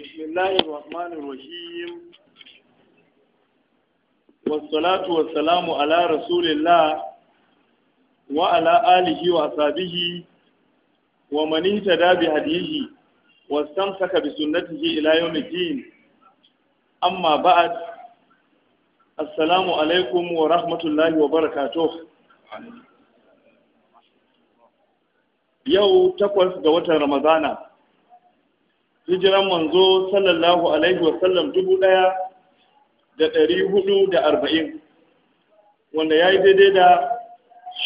بسم الله الرحمن الرحيم والصلاة والسلام على رسول الله وعلى آله وأصحابه ومن اهتدى بهديه واستمسك بسنته إلى يوم الدين أما بعد السلام عليكم ورحمة الله وبركاته يوم تقوى ga watan Ramadana hijiran manzo sallallahu alaihi wasallam dubu ɗaya da dari hudu da arba'in wanda ya yi daidai da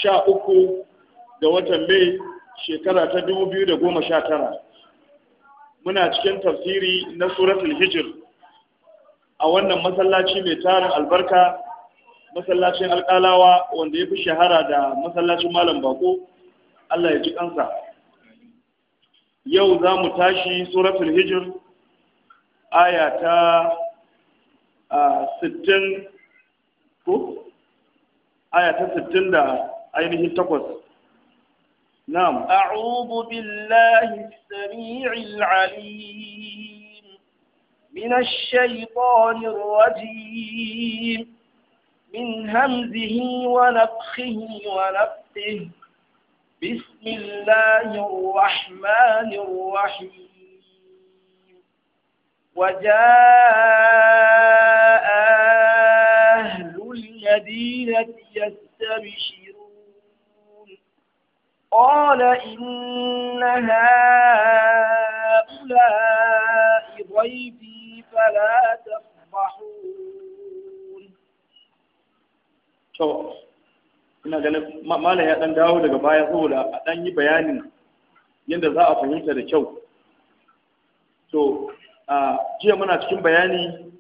sha uku da watan mai shekara ta dubu biyu da goma sha tara muna cikin tafsiri na suratul hijir a wannan masallaci mai tarin albarka masallacin alkalawa wanda ya fi shahara da masallacin malam bako allah ya ji kansa yau za mu tashi suratul hijir aya ta sittin ko aya ta sittin da ainihin takwas na'am a'udhu billahi samii'il 'aliim min ash-shaytaanir rajiim min hamzihi wa nafthihi wa nafthihi بسم الله الرحمن الرحيم وجاء أهل المدينة يستبشرون قال إن هؤلاء ضيفي فلا تفضحون ina ganin malam ya dan dawo daga baya saboda a dan yi bayanin yadda za a fahimta da kyau to a jiya muna cikin bayani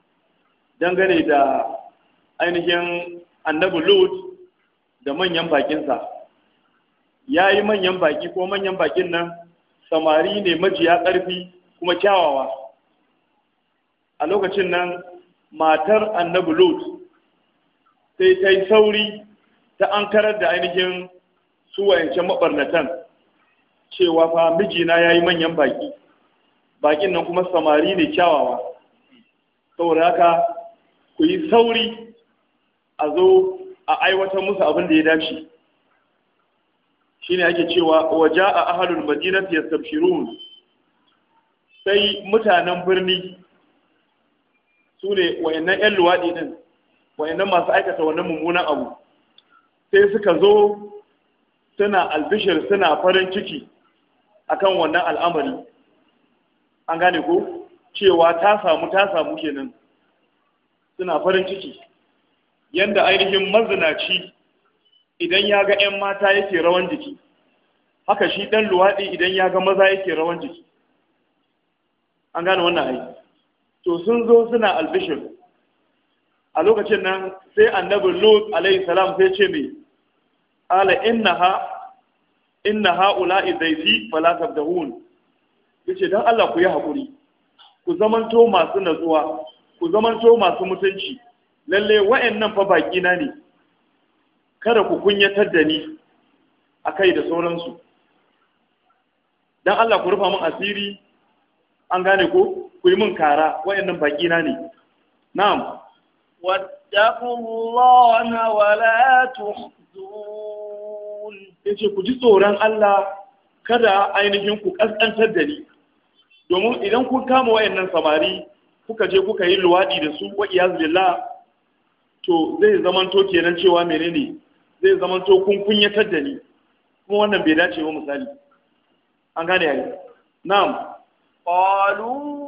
dangane da ainihin annabi lut da manyan bakinsa ya yi manyan baki ko manyan bakin nan samari ne majiya ƙarfi kuma kyawawa a lokacin nan matar annabi lut sai ta yi sauri ta an karar da ainihin su wayancan mabarnatan cewa fa mijina ya yi manyan baki bakin nan kuma samari ne kyawawa saboda haka ku yi sauri a zo a aiwatar musu abin da ya dace shine ake cewa waje a ahalul madinati yastabshirun sai mutanen birni su ne wayannan 'yan luwaɗi ɗin wayannan masu aikata wannan mummunan abu sai suka zo suna albishir suna farin ciki akan wannan al'amari an gane ko cewa ta samu ta samu kenan suna farin ciki yanda ainihin mazinaci idan ya ga 'yan mata yake rawan jiki haka shi ɗan luwaɗi idan ya ga maza yake rawan jiki an gane wannan aiki to sun zo suna albishir a lokacin nan sai annabi lut alaihi salam sai ce mai ala innaha inna ha'ula idaifi fala tabdahun yace dan Allah ku yi hakuri ku zamanto masu natsuwa ku zamanto masu mutunci lalle wa'annan fa baki na ne kada ku kunyatar da ni akai da sauransu dan Allah ku rufa min asiri an gane ko ku yi min kara wa'annan baki na ne na'am wa Allah wa la tuhzun ce ku ji tsoron Allah kada ainihin ku ƙasƙantar da ni domin idan kun kama wayannan samari kuka je kuka yi luwaɗi da su wa iyaz to zai zamanto kenan cewa menene zai zamanto kun kunyatar da ni kuma wannan bai dace ba misali an gane yayi na'am qalu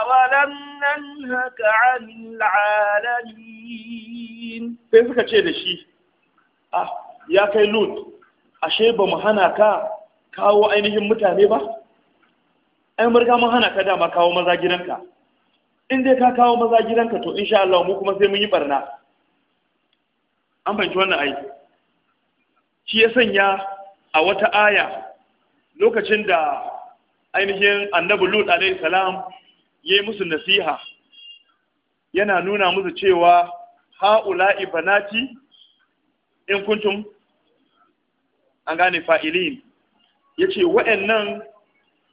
awalam nanhaka 'anil 'alamin sai suka ce da shi ah ya kai lut ashe ba mu hana ka kawo ainihin mutane ba ai murga mun hana ka dama kawo maza gidanka in dai ka kawo maza gidanka to insha Allah mu kuma sai mun yi barna an fahimci wannan ai shi ya sanya a wata aya lokacin da ainihin annabi lut alaihi salam yi musu nasiha yana nuna musu cewa ha'ula'i banati in kuntum an gane fa'ilin ya ce nan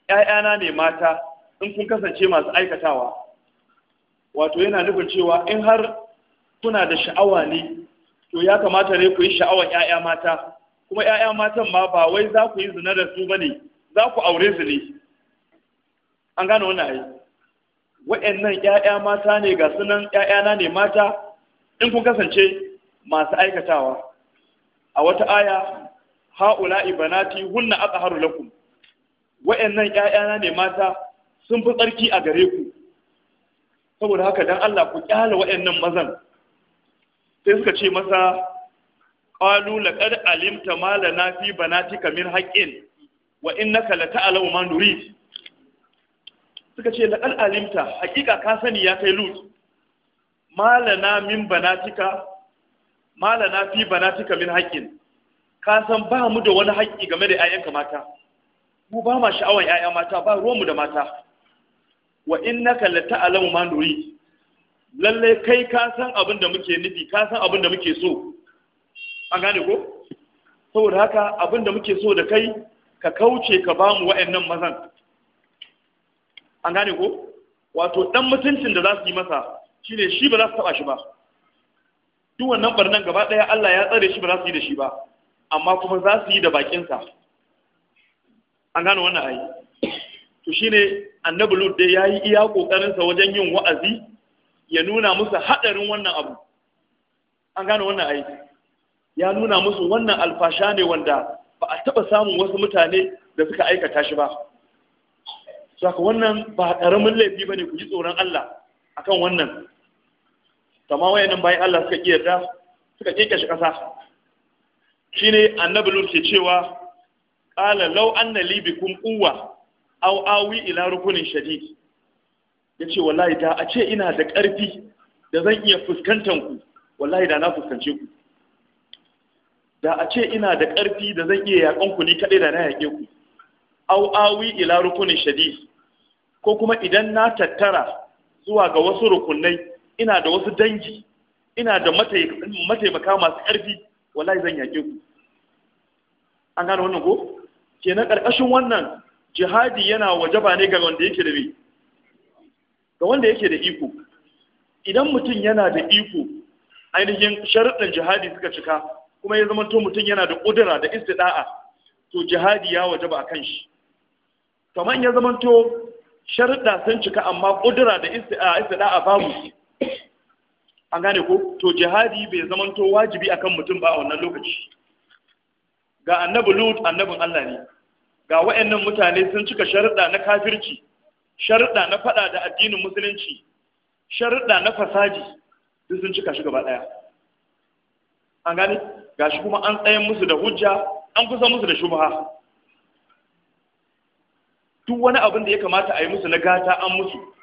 ‘ya'yana ne mata in kun kasance masu aikatawa wato yana nufin cewa in har kuna da sha'awa ne to ya kamata ne ku yi sha'awar ‘ya'ya mata kuma ‘ya'ya matan ma ba wai za ku yi zina da su ba ne za ku aure su ne an gane wani ayi nan ‘ya'ya mata ne ga sunan ‘ya'yana ne mata in kun kasance masu aikatawa a wata aya haula ibanati hunna aqharu lakum wa'annan ƴaƴana ne mata sun fi tsarki a gare ku saboda haka dan Allah ku kyala wa'annan mazan sai suka ce masa qalu laqad alimta ma lana fi banatika min haqqin wa innaka lata'lamu ma nurid suka ce laqad alimta hakika ka sani ya kai lut malana min banatika na fi banatika min haƙƙin ka san ba mu da wani haƙƙi game da 'ya'yanka mata mu ba ma sha'awan 'ya'ya mata ba ruwanmu da mata wa innaka la ta'lamu ma nuri lalle kai ka san abin da muke nufi ka san abin da muke so an gane ko saboda haka abin da muke so da kai ka kauce ka ba mu wa'annan mazan an gane ko wato dan mutuncin da za su yi masa shine shi ba za su taba shi ba duk wannan barnan gaba ɗaya Allah ya tsare shi ba za su yi da shi ba amma kuma za su yi da bakinsa an gano wannan ayi to shine annabi lut dai yayi iya kokarinsa wajen yin wa'azi ya nuna musu hadarin wannan abu an gano wannan ayi ya nuna musu wannan alfasha ne wanda ba a taba samun wasu mutane da suka aikata shi ba saka wannan ba karamin laifi bane ku ji tsoron Allah akan wannan kama wayannan bayan Allah suka kiyarda suka kekashe kasa shine annabi lut ke cewa qala law anna li bikum quwwa aw awi ila rukunin shadid yace wallahi da a ce ina da ƙarfi da zan iya fuskantar ku wallahi da na fuskance ku da a ce ina da ƙarfi da zan iya yakan ku ni kadai da na yake ku aw awi ila rukunin shadid ko kuma idan na tattara zuwa ga wasu rukunai ina da wasu dangi ina da mataimaka masu ƙarfi wallahi zan yaƙe ku an gane wannan ko kenan ƙarƙashin wannan jihadi yana wajaba ne ga wanda yake da me ga wanda yake da iko idan mutum yana da iko ainihin sharuɗin jihadi suka cika kuma ya zama to mutum yana da ƙudura da istida'a to jihadi ya wajaba a kan shi kamar ya zama to sharuɗa sun cika amma ƙudura da istida'a babu an gane ko to jihadi bai zamanto wajibi akan mutum ba a wannan lokaci ga annabi lut annabin Allah ne ga wayannan mutane sun cika sharuɗa na kafirci sharuɗa na faɗa da addinin musulunci sharuɗa na fasadi duk sun cika shi gaba ɗaya an gane gashi kuma an tsayen musu da hujja an kusa musu da shubha duk wani abin da ya kamata a yi musu na gata an musu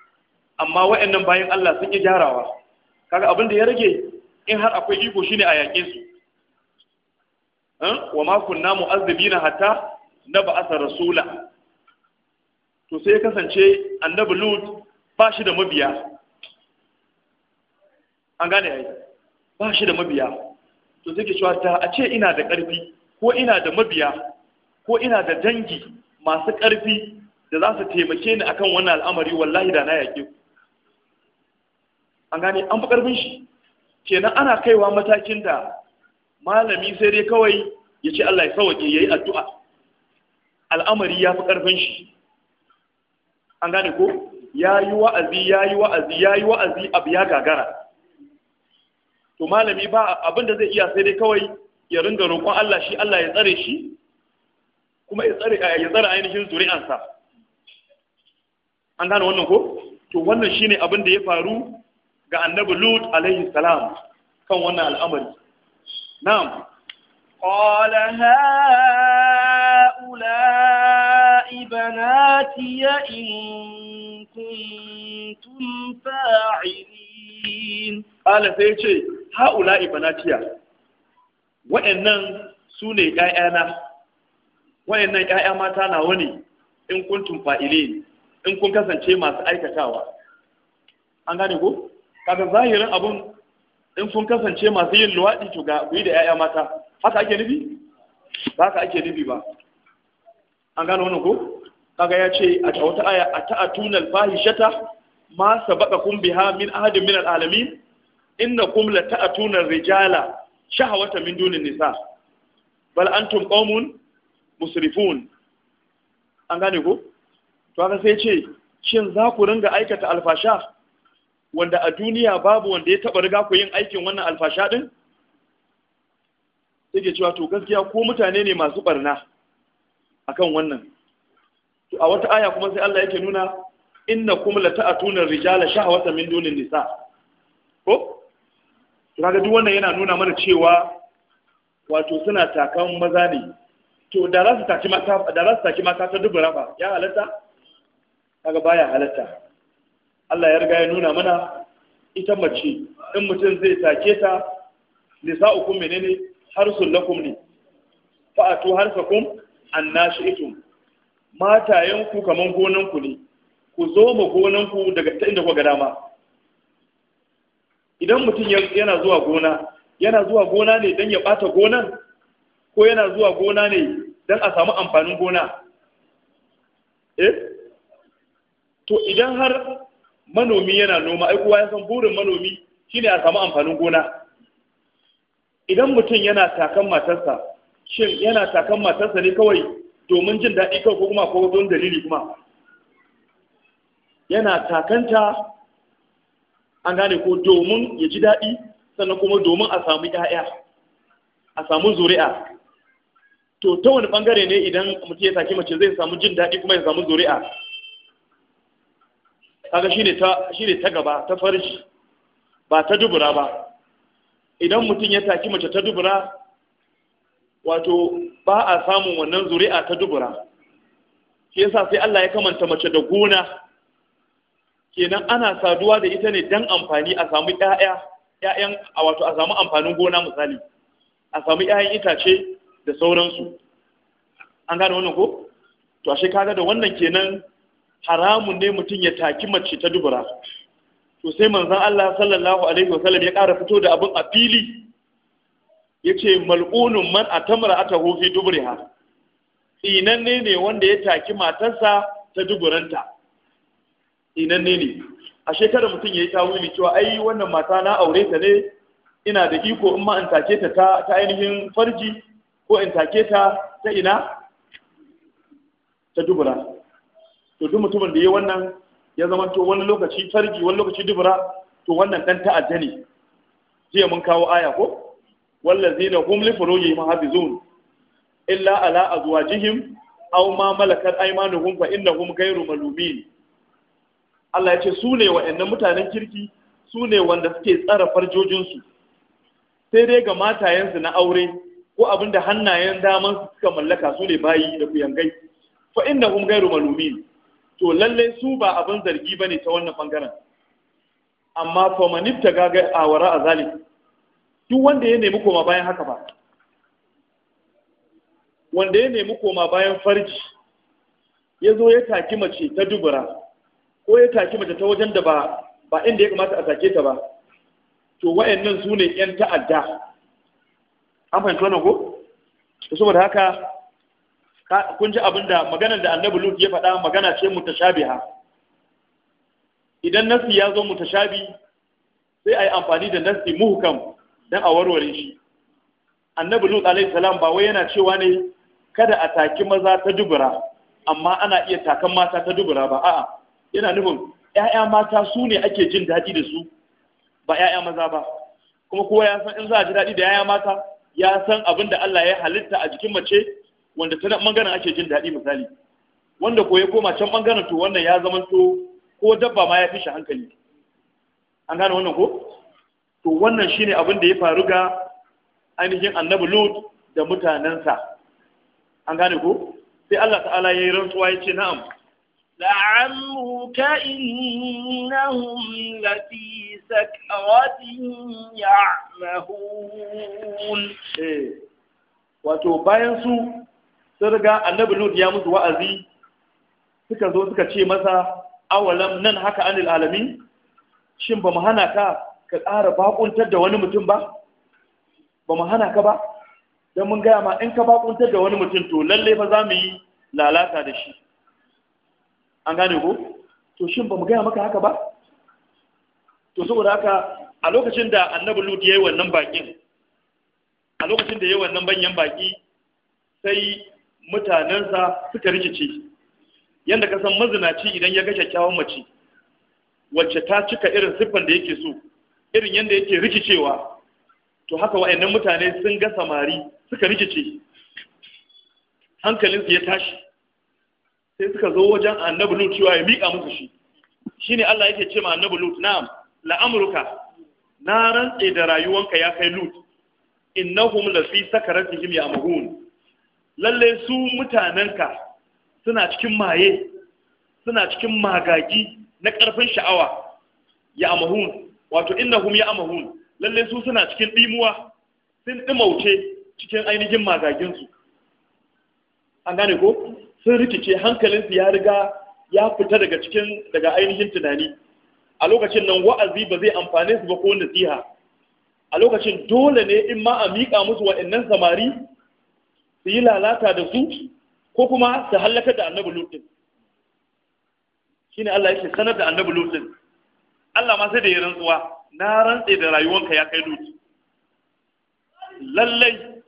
amma wa'annan bayan Allah sun yi gyarawa kaga abin da ya rage in har akwai iko shine a yaƙe su wa ma kunna mu'azzibina hatta nab'atha rasula to sai ya kasance annabi lut ba shi da mabiya an gane ai ba shi da mabiya to sai ke cewa ta a ce ina da ƙarfi ko ina da mabiya ko ina da dangi masu ƙarfi da za su taimake ni akan wannan al'amari wallahi da na yaƙe ku an gane an fi karfin shi kenan ana kaiwa matakin da malami sai dai kawai ya ce Allah ya sauke yayi addu'a al'amari ya fi karfin shi an gane ko yayi wa'azi yayi wa'azi yayi wa'azi abu ya gagara to malami ba abin da zai iya sai dai kawai ya ringa roƙon Allah shi Allah ya tsare shi kuma ya tsare ya tsare ainihin zuri'ansa an gane wannan ko to wannan shine abin da ya faru ga annabi lut alayhi salam kan wannan al'amari na'am qala ha'ula ibanati in kuntum fa'ilin qala sai ce ha'ula ya wa'annan su ne ƴaƴana wa'annan ƴaƴa mata nawa ne in kuntum fa'ilin in kun kasance masu aikatawa an gane ko kaga zahirin abun in sun kasance masu yin luwaɗi to ga ku yi da 'ya'ya mata haka ake nufi ba haka ake nufi ba an gano wani ko kaga ya ce a wata aya a ta'atun al-fahishata ma kun biha min ahadin min al-alamin innakum la ta'atun rijala shahawata min dunin nisa bal antum qaumun musrifun an gane ko to haka sai ce shin za ku ringa aikata alfasha wanda a duniya babu wanda ya taba riga ku yin aikin wannan alfasha din ke cewa to gaskiya ko mutane ne masu barna akan wannan to a wata aya kuma sai Allah yake nuna la lata'atuna rijala shahwata min dunin nisa ko kaga duk wannan yana nuna mana cewa wato suna takan maza ne to da za su taki mata da za su taki mata ta dubura ba ya halatta kaga baya halatta Allah ya riga ya nuna mana ita mace in mutum zai take ta nisa'ukum menene harsun lakum ne fa'atu harsakum annashi'tum matayen ku kaman gonan ku ne ku zo ma gonan ku daga ta inda kuka dama idan mutum yana zuwa gona yana zuwa gona ne don ya bata gonan ko yana zuwa gona ne don a samu amfanin gona eh to idan har manomi yana noma ai kowa ya san burin manomi shine a samu amfanin gona idan mutum yana takan matarsa shin yana takan matarsa ne kawai domin jin daɗi kawai ko kuma ko don dalili kuma yana takanta an gane ko domin ya ji daɗi sannan kuma domin a samu ƴaƴa a samu zuri'a to ta wani bangare ne idan mutum ya saki mace zai samu jin daɗi kuma ya samu zuri'a kaga shine ta shine ta gaba ta farji ba ta dubura ba idan mutum ya taki mace ta dubura wato ba a samun wannan zuri'a ta dubura shi yasa sai Allah ya kamanta mace da gona kenan ana saduwa da ita ne dan amfani a samu ƴaƴa ƴaƴan wato a samu amfanin gona misali a samu ƴaƴan itace da sauransu an gane wannan ko to ashe kaga da wannan kenan haramun ne mutum ya taki mace ta dubura to sai manzan Allah sallallahu alaihi wa sallam ya ƙara fito da abin a fili Ya ce mal'unun man a atamra atahu fi dubriha Inanne ne wanda ya taki matarsa ta duburanta Inanne ne a shekarar mutum ya yi tawili cewa ai wannan mata na aure ta ne ina da iko in ma in take ta ta ainihin farji ko in take ta ta ina ta dubura to duk mutumin da ya wannan ya zama to wani lokaci farji wani lokaci dubura to wannan dan ta'adda ne jiya mun kawo aya ko wallazina hum li furujihim hafizun illa ala azwajihim aw ma malakat aymanuhum fa innahum ghayru malumin Allah ya ce su ne wa'annan mutanen kirki su ne wanda suke tsara farjojinsu sai dai ga matayensu na aure ko abinda hannayen daman su suka mallaka su ne bayi da kuyangai fa innahum ghayru malumin to lallai su ba abin zargi ba ne ta wannan bangaren amma famanif ta gaga a wara a duk wanda ya nemi koma bayan haka ba wanda ya nemi koma bayan farji ya zo ya taki mace ta dubura ko ya taki mace ta wajen da ba ba inda ya kamata a take ta ba to wa'annan su ne 'yan ta'adda an fahimci wannan ko saboda haka kun ji abin da maganar da annabi lut ya faɗa magana ce mutashabiha idan nasi ya zo mu mutashabi sai a yi amfani da nasi muhkam don a warware shi annabi lut alayhi salam ba wai yana cewa ne kada a taki maza ta dubura amma ana iya takan mata ta dubura ba a'a yana nufin ƴaƴa mata su ne ake jin daɗi da su ba ƴaƴa maza ba kuma kowa ya san in za a ji daɗi da 'ya'ya mata ya san abin da Allah ya halitta a jikin mace wanda ta bangaren ake jin daɗi misali wanda ko ya koma can bangaren to wannan ya zama to, ko dabba ma ya fi shi hankali an gane wannan ko to wannan shine abin da ya faru ga ainihin annabi lut da mutanensa an gane ko sai Allah ta'ala ya yi rantsuwa ya ce na'am la'amuka innahum لفي sakawatin يعمهون wato bayan su sun riga annabi lut ya musu wa'azi suka zo suka ce masa awalam nan haka anil alami? shin ba mu hana ka ka ƙara bakuntar da wani mutum ba ba mu hana ka ba don mun gaya ma in ka bakuntar da wani mutum to lalle ba za mu yi lalata da shi an gane ko to shin ba mu gaya maka haka ba to saboda haka a lokacin da annabi lut ya yi wannan bakin a lokacin da ya yi wannan banyan baki sai mutanensa suka rikice yadda ka san mazinaci idan ya ga kyakkyawan mace wacce ta cika irin siffan da yake so irin yadda yake rikicewa to haka wa'annan mutane sun ga samari suka rikice hankalinsu ya tashi sai suka zo wajen annabi lut cewa ya miƙa musu shi ne Allah yake ce ma annabi lut na'am la'amruka na rantse da rayuwanka ya kai lut innahum la fi sakaratihim ya'mahun lalle su mutanenka suna cikin maye suna cikin magagi na ƙarfin sha'awa ya amahun wato innahum ya amahun lalle su suna cikin ɗimuwa, sun ɗimauce cikin ainihin magaginsu an gane ko sun rikice hankalinsu ya riga ya fita daga cikin daga ainihin tunani a lokacin nan wa'azi ba zai amfane su ba ko nasiha a lokacin dole ne in ma a miƙa musu wa'annan samari su yi lalata da su ko kuma su hallaka da annabi lutin Shi shine Allah yake sanar da annabi lutin Allah ma sai da ya rantsuwa na rantse da rayuwanka ya kai lutin lallai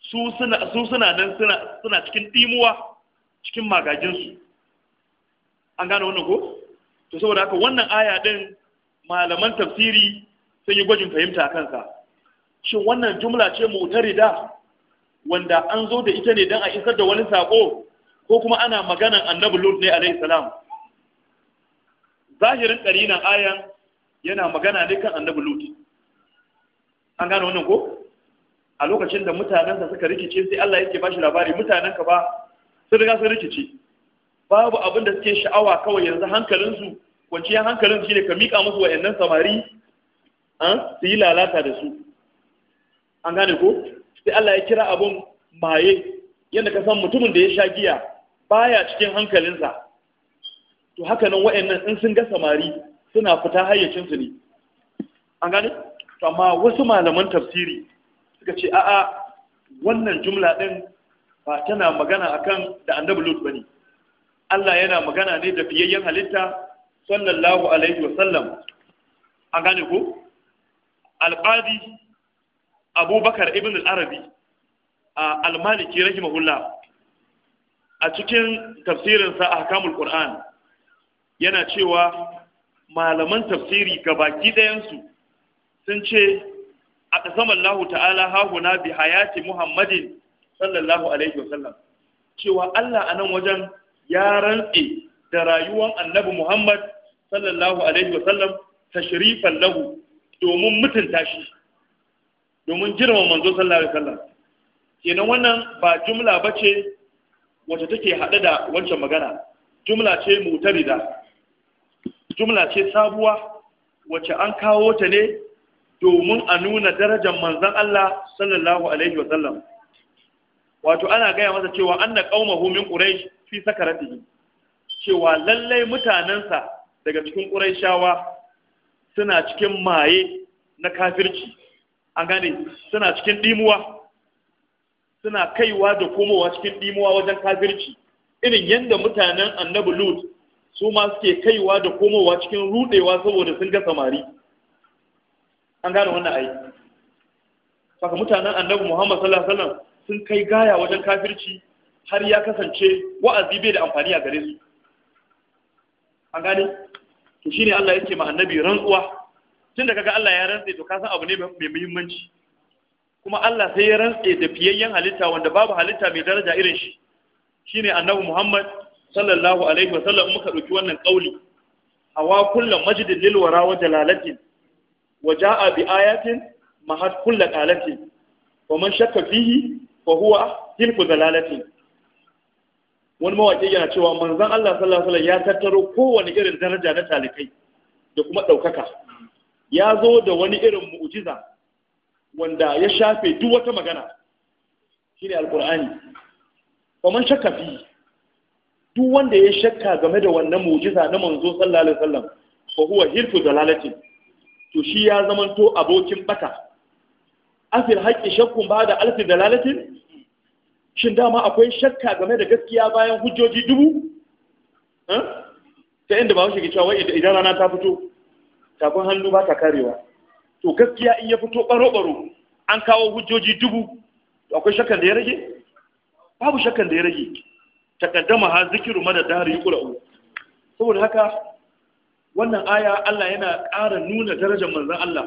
su suna su suna nan suna cikin dimuwa cikin magajinsu an gane wannan ko to saboda haka wannan aya din malaman tafsiri sun yi gwajin fahimta kansa shin wannan jumla ce mu'tarida wanda an zo da ita ne don a isar da wani saƙo ko kuma ana maganan annabi lut ne alaihi salam zahirin ƙarinan ayan yana magana ne kan annabi lut an gane wannan ko a lokacin da mutanen da suka rikice sai Allah yake bashi labari ka ba sun riga sun rikice babu abin da suke sha'awa kawai yanzu hankalinsu kwanciyar hankalin shine ka miƙa musu wa'annan samari an ah, su yi lalata da su an gane ko sai Allah ya kira abun maye yadda ka san mutumin da ya sha giya baya cikin hankalinsa to haka nan wa'annan in sun ga samari suna fita hayyacinsu ne an gane to amma wasu malaman tafsiri suka ce a'a wannan jumla din ba tana magana akan da annabi lut bane Allah yana magana ne da fiyayyen halitta sallallahu alaihi wa an gane ko alqadi abubakar ibn al a almaliki maliki rahimahullah a cikin tafsirinsa a hakamul ƙuran yana cewa malaman tafsiri baki ɗayansu sun ce a ta'ala hahuna bi hayati muhammadin sallallahu alaihi wasallam cewa Allah a nan wajen ya rantse da rayuwar annabi Muhammad sallallahu alaihi wasallam lahu domin mutunta shi domin girma manzo sallallahu alaihi wasallam kenan wannan ba jumla bace wacce take hade da wancan magana jumla ce mutarida jumla ce sabuwa wacce an kawo ta ne domin a nuna darajar manzon Allah sallallahu alaihi wasallam wato ana gaya masa cewa anna qaumahu min quraish fi sakaratihi cewa lallai mutanensa daga cikin quraishawa suna cikin maye na kafirci an gane suna cikin dimuwa suna kaiwa da komowa cikin dimuwa wajen kafirci irin yadda mutanen annabi lut su ma suke kaiwa da komowa cikin rudewa saboda sun ga samari an gane wannan ai saka mutanen annabi muhammad sallallahu alaihi wasallam sun kai gaya wajen kafirci har ya kasance wa'azi bai da amfani a gare su an gane to shine Allah yake ma annabi rantsuwa tun da kaga Allah ya rantse to ka abu ne mai muhimmanci kuma Allah sai ya rantse da fiyayyen halitta wanda babu halitta mai daraja irin shi shine annabi Muhammad sallallahu alaihi wa sallam muka dauki wannan kauli hawa kullum majidin lil wara wa jalalatin wa jaa bi ayatin mahad kullu qalatin wa man shakka fihi fa huwa hilku dalalatin wani mawaƙi yana cewa manzon Allah sallallahu alaihi wa ya tattaro kowane irin daraja na talikai da kuma ɗaukaka ya zo da wani irin mu'jiza wanda ya shafe duk wata magana shine alqur'ani man shakka fi duk wanda ya shakka game da wannan mu'jiza na manzo sallallahu alaihi wasallam fa huwa hirfu dalalati to shi ya zamanto abokin bata afil haƙƙi shakkun ba da alfi dalalati shin dama akwai shakka game da gaskiya bayan hujjoji dubu eh? ta inda ba shi ke cewa idan rana ta fito sakon hannu ba ta karewa to gaskiya in ya fito baro-baro an kawo hujjoji dubu akwai shakkan da ya rage babu shakkan da ya rage takaddama ha zikiru mana dari qur'u saboda haka wannan aya Allah yana ƙara nuna darajar manzon Allah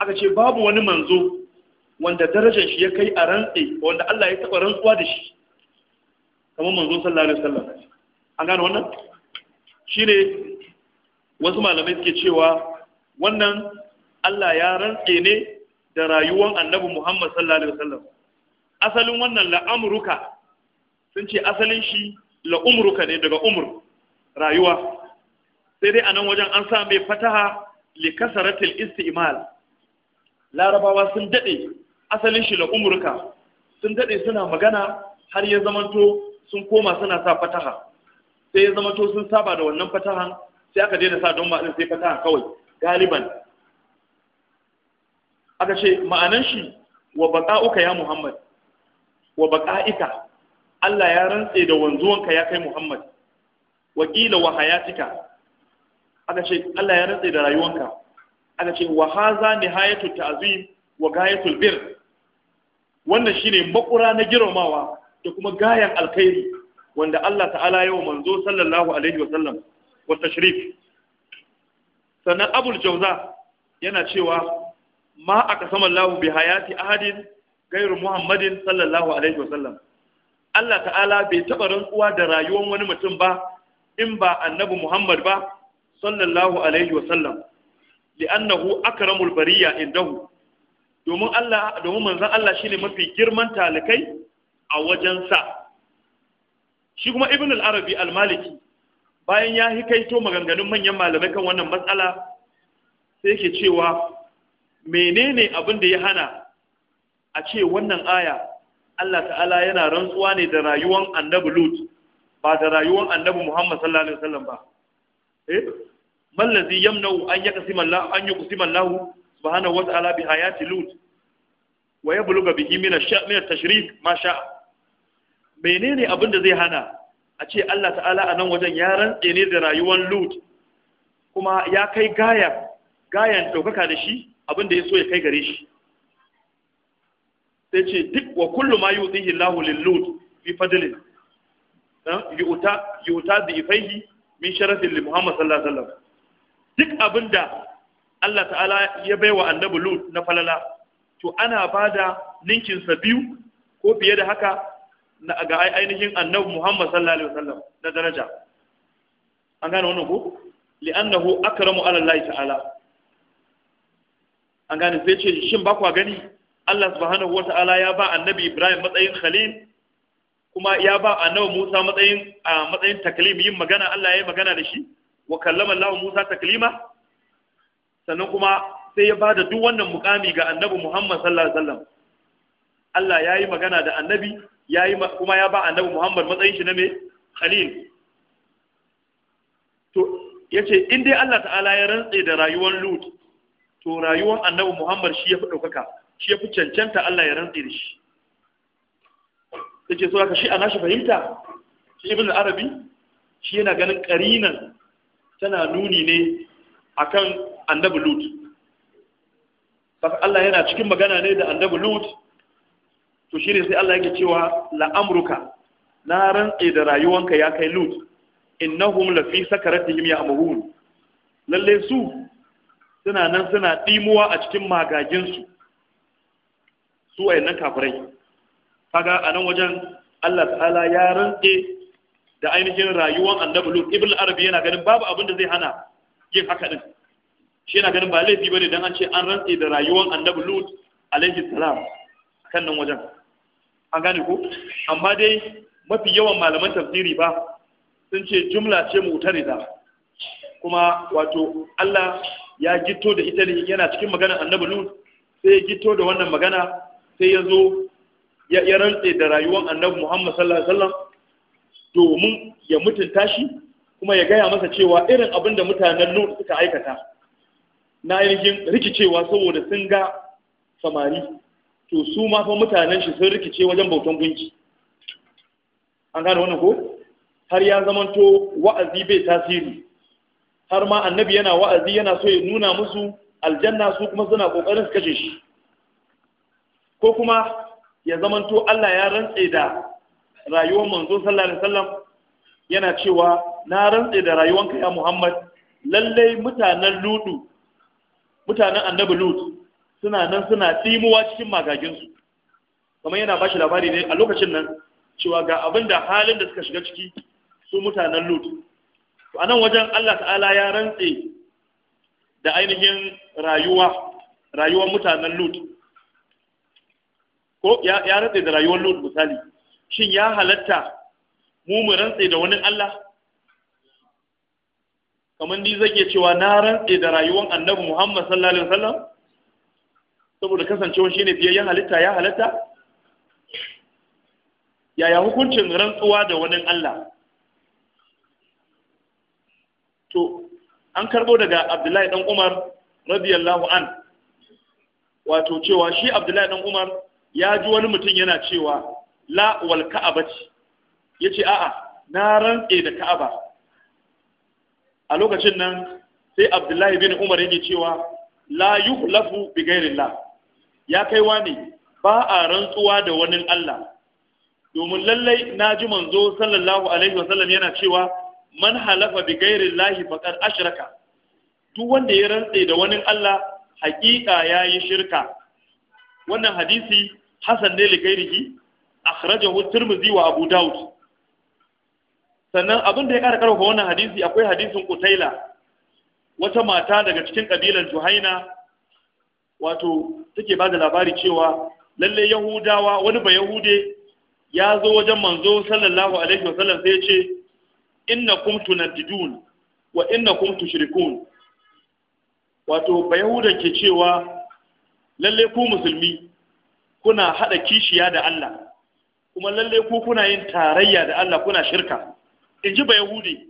aka ce babu wani manzo wanda darajar shi ya kai a rantsi wanda Allah ya taba rantsuwa da shi kamar manzo sallallahu alaihi wasallam an gane wannan shine wasu malamai suke cewa wannan Allah ya rantse ne da rayuwar annabi Muhammad sallallahu alaihi wasallam asalin wannan la'amruka sun ce asalin shi la'umruka ne daga umur rayuwa sai dai anan wajen an sa mai fataha li kasaratil isti'mal larabawa sun dade asalin shi la'umruka sun dade suna magana har ya zamanto sun koma suna sa fataha sai ya zamanto sun saba da wannan fatahan sai aka daina sa don ma sai fataha kawai galiban aka ce ma'anan shi wa baka'uka ya Muhammad wa baka'ika Allah ya rantse da wanzuwanka ya kai Muhammad wakila wa hayatika aka ce Allah ya rantse da rayuwanka aka ce wa haza nihayatu ta'zim wa gayatul bir wannan shine makura na girmamawa da kuma gayan alkhairi wanda Allah ta'ala ya wa manzo sallallahu alaihi wa sallam wa tashrif sannan abul jauza yana cewa ma aka saman lahu bi hayati ahadin gairu muhammadin sallallahu alaihi wasallam Allah ta'ala bai taɓa rantsuwa da rayuwar wani mutum ba in ba annabi muhammad ba sallallahu alaihi wasallam li'annahu akramul bariya indahu domin Allah domin manzon Allah shine mafi girman talikai a wajensa shi kuma ibn al-arabi al-maliki bayan ya hikaito maganganun manyan malamai kan wannan matsala sai ke cewa menene abin da ya hana a ce wannan aya Allah ta'ala yana rantsuwa ne da rayuwar annabi Lut ba da rayuwar annabi Muhammad sallallahu alaihi wasallam ba eh mallazi yamna'u an yaqsima Allah an yuqsim Allah subhanahu wa ta'ala bi hayati Lut wa yabluga bihi min ash-sha' min at-tashrik ma sha menene abin da zai hana a ce Allah ta'ala a nan wajen ya rantse ne da rayuwar Lut kuma ya kai gaya gayan ɗaukaka da shi abin ya so ya kai gare shi sai ce duk wa kullu ma yuzihi Allahu lil Lut fi fadlin eh, yuta yuta da ifaihi min sharafin li Muhammad sallallahu alaihi wasallam duk abinda Allah ta'ala ya baiwa annabi Lut na falala to ana bada ninkin sa biyu ko fiye da haka ga ainihin annabi Muhammad sallallahu alaihi wasallam na daraja an gane wannan ko li'annahu akramu ala Allah ta'ala an gane sai ce shin ba kwa gani Allah subhanahu wata'ala ya ba annabi Ibrahim matsayin khalil kuma ya ba annabi Musa matsayin a matsayin taklim yin magana Allah ya yi magana da shi wa kallama Allah Musa taklima sannan kuma sai ya bada duk wannan mukami ga annabi Muhammad sallallahu alaihi wasallam Allah ya yi magana da annabi yayi kuma ya ba annabi Muhammad matsayin shi na me khalil to yace in dai Allah ta'ala ya rantse da rayuwar Lut to rayuwar annabi Muhammad shi ya fi daukaka shi ya fi cancanta Allah ya rantsa da shi yace so haka shi ana shi fahimta shi ibn arabi shi yana ganin karinan tana nuni ne akan annabi Lut Allah yana cikin magana ne da annabi Lut to ne sai Allah yake cewa la'amruka na rantse da rayuwanka ya kai lut innahum lafi sakaratihim amhun lalle su suna nan suna dimuwa a cikin magajin su wayannan kafirai kaga a nan wajen Allah ta'ala ya rantse da ainihin rayuwan annabi lut ibn arabi yana ganin babu abin da zai hana yin haka din shi yana ganin ba laifi bane dan an ce an rantse da rayuwan annabi lut alaihi salam kan nan wajen an gane ko amma dai mafi yawan malaman tafsiri ba sun ce jumla ce mu rida kuma wato Allah ya gito da ita ne yana cikin magana annabi nun sai ya gito da wannan magana sai ya zo ya rantse da rayuwar annabi Muhammad sallallahu alaihi wasallam domin ya mutunta shi kuma ya gaya masa cewa irin abin da mutanen nun suka aikata na ainihin rikicewa saboda sun ga samari to su ma mutanen shi sun rikice wajen bautan gunki an gane wannan ko har ya zamanto wa'azi bai tasiri har ma annabi yana wa'azi yana so ya nuna musu aljanna su kuma suna kokarin su kashe shi ko kuma ya zamanto Allah ya rantse da rayuwar manzo sallallahu alaihi wasallam yana cewa na rantse da rayuwanka ya Muhammad lallai mutanen ludu mutanen annabi ludu suna nan suna tsimuwa cikin magaginsu kamar yana ba shi labari ne a lokacin nan cewa ga abin da halin da suka shiga ciki su mutanen lut a nan wajen allah ta'ala ya rantse da ainihin rayuwa rayuwar mutanen lut ko ya rantse da rayuwar lut misali shin ya halatta mu mu rantse da wani allah kamar ni zai iya cewa na rantse da rayuwar annabi muhammad sallallahu alaihi wasallam saboda kasancewa shi ne biyayyen halitta ya halitta yaya hukuncin rantsuwa da wani Allah to an karbo daga abdullahi dan umar radiyallahu an wato cewa shi abdullahi dan umar ya ji wani mutum yana cewa la wal Ya ce a'a na rantse da ka'aba a lokacin nan sai abdullahi bin umar yake cewa la yuhlafu bi la. ya kai ne ba a rantsuwa da wani Allah domin lallai na ji manzo sallallahu alaihi wasallam yana cewa man halafa bi ghairi llahi faqad ashraka duk wanda ya rantse da wani Allah haƙiƙa yayi shirka wannan hadisi hasan ne ligairihi akhrajahu tirmidhi wa abu daud sannan abin da ya kara karfafa wannan hadisi akwai hadisin kutaila wata mata daga cikin kabilan juhaina wato suke ba da labari cewa lalle yahudawa wani ba yahude ya zo wajen manzo sallallahu alaihi wa sallam sai ya ce innakum tunaddidun wa kumtu tushrikun wato ba yahudan ke cewa lalle ku musulmi kuna hada kishiya da Allah kuma lalle ku kuna yin tarayya da Allah kuna shirka in ji ba yahude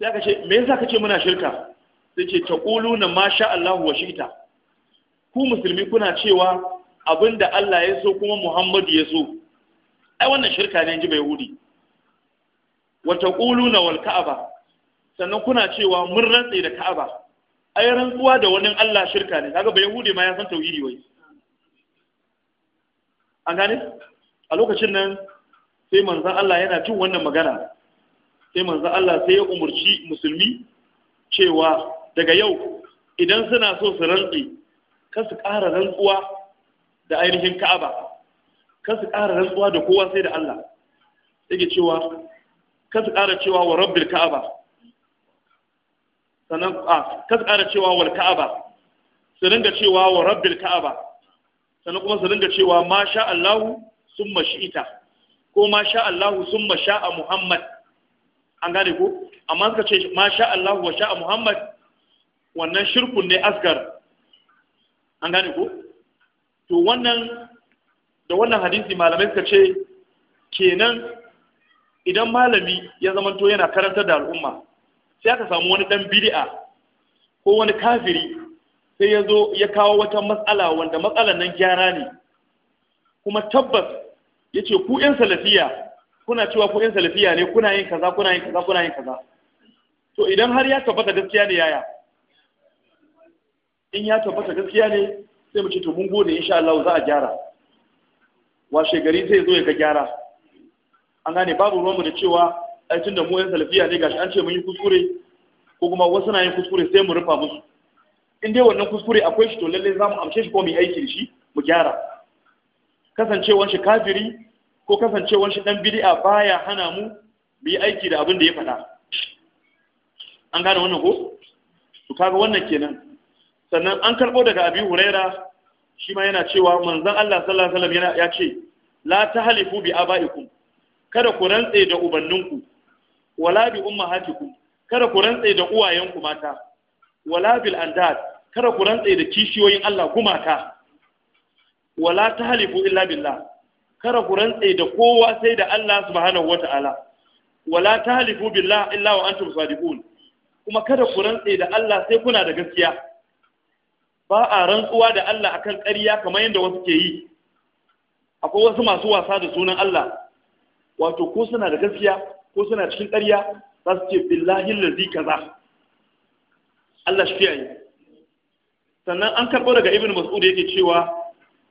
sai ka ce me yasa kace muna shirka sai ce taquluna na masha Allah wa shi'ta ku musulmi kuna cewa abinda Allah ya so kuma Muhammadu ya so ai wannan shirka ne ji bai hudi wa taquluna wal ka'aba sannan kuna cewa mun rantse da ka'aba ai rantsuwa da wani Allah shirka ne kaga bai hudi ma ya san tauhidi wai an gane a lokacin nan sai manzon Allah yana jin wannan magana sai manzon Allah sai ya umarci musulmi cewa daga yau idan suna so su rantsi ka su ƙara rantsuwa da ainihin ka'aba ka su ƙara rantsuwa da kowa sai da Allah yake cewa ka su ƙara cewa wa rabbil ka'aba sannan a ka su ƙara cewa wal ka'aba su ringa cewa wa rabbil ka'aba sannan kuma su ringa cewa ma sha Allahu summa shi'ita ko ma sha Allahu summa sha'a Muhammad an gane ko amma suka ce ma sha Allahu wa sha'a Muhammad wannan shirkun ne asgar an gane ko to wannan da wannan hadisi malamai suka ce kenan idan malami ya zamanto yana karantar da al'umma sai aka samu wani dan bid'a ko wani kafiri sai ya zo ya kawo wata matsala wanda matsalan nan gyara ne kuma tabbas ya ce ku 'yan salafiya kuna cewa ku 'yan salafiya ne kuna yin kaza kuna yin kaza kuna yin kaza to idan har ya tabbata gaskiya ne yaya in ya tabbata gaskiya ne sai mu ce to mun gode insha Allah za a gyara washe gari zai zo ya ga gyara an gane babu mu da cewa ai tun da mu yan salafiya ne gashi an ce mun yi kuskure ko kuma wasu na yin kuskure sai mu rufa musu in dai wannan kuskure akwai shi to lalle za mu amshe shi ko mu yi aiki da shi mu gyara kasancewar shi kafiri ko kasancewar shi dan bid'a baya hana mu mu yi aiki da abin da ya faɗa an gane wannan ko to kaga wannan kenan sannan an karbo daga abi huraira shi ma yana cewa manzon Allah sallallahu alaihi wasallam ya ce la tahlifu bi abaikum kada ku rantse da ubanninku wala bi ummahatikum kada ku rantse da uwayenku mata wala bil andad kada ku rantse da kishiyoyin Allah gumaka wala tahlifu illa billah kada ku rantse da kowa sai da Allah subhanahu wata'ala wala tahlifu billah illa wa antum sadiqun kuma kada ku rantse da Allah sai kuna da gaskiya ba a rantsuwa da Allah akan ƙarya kamar yadda wasu ke yi akwai wasu masu wasa da sunan Allah wato ko suna da gaskiya ko suna cikin ƙarya za su ce billahi lazi kaza Allah shi yi sannan an karɓo daga ibn mas'ud yake cewa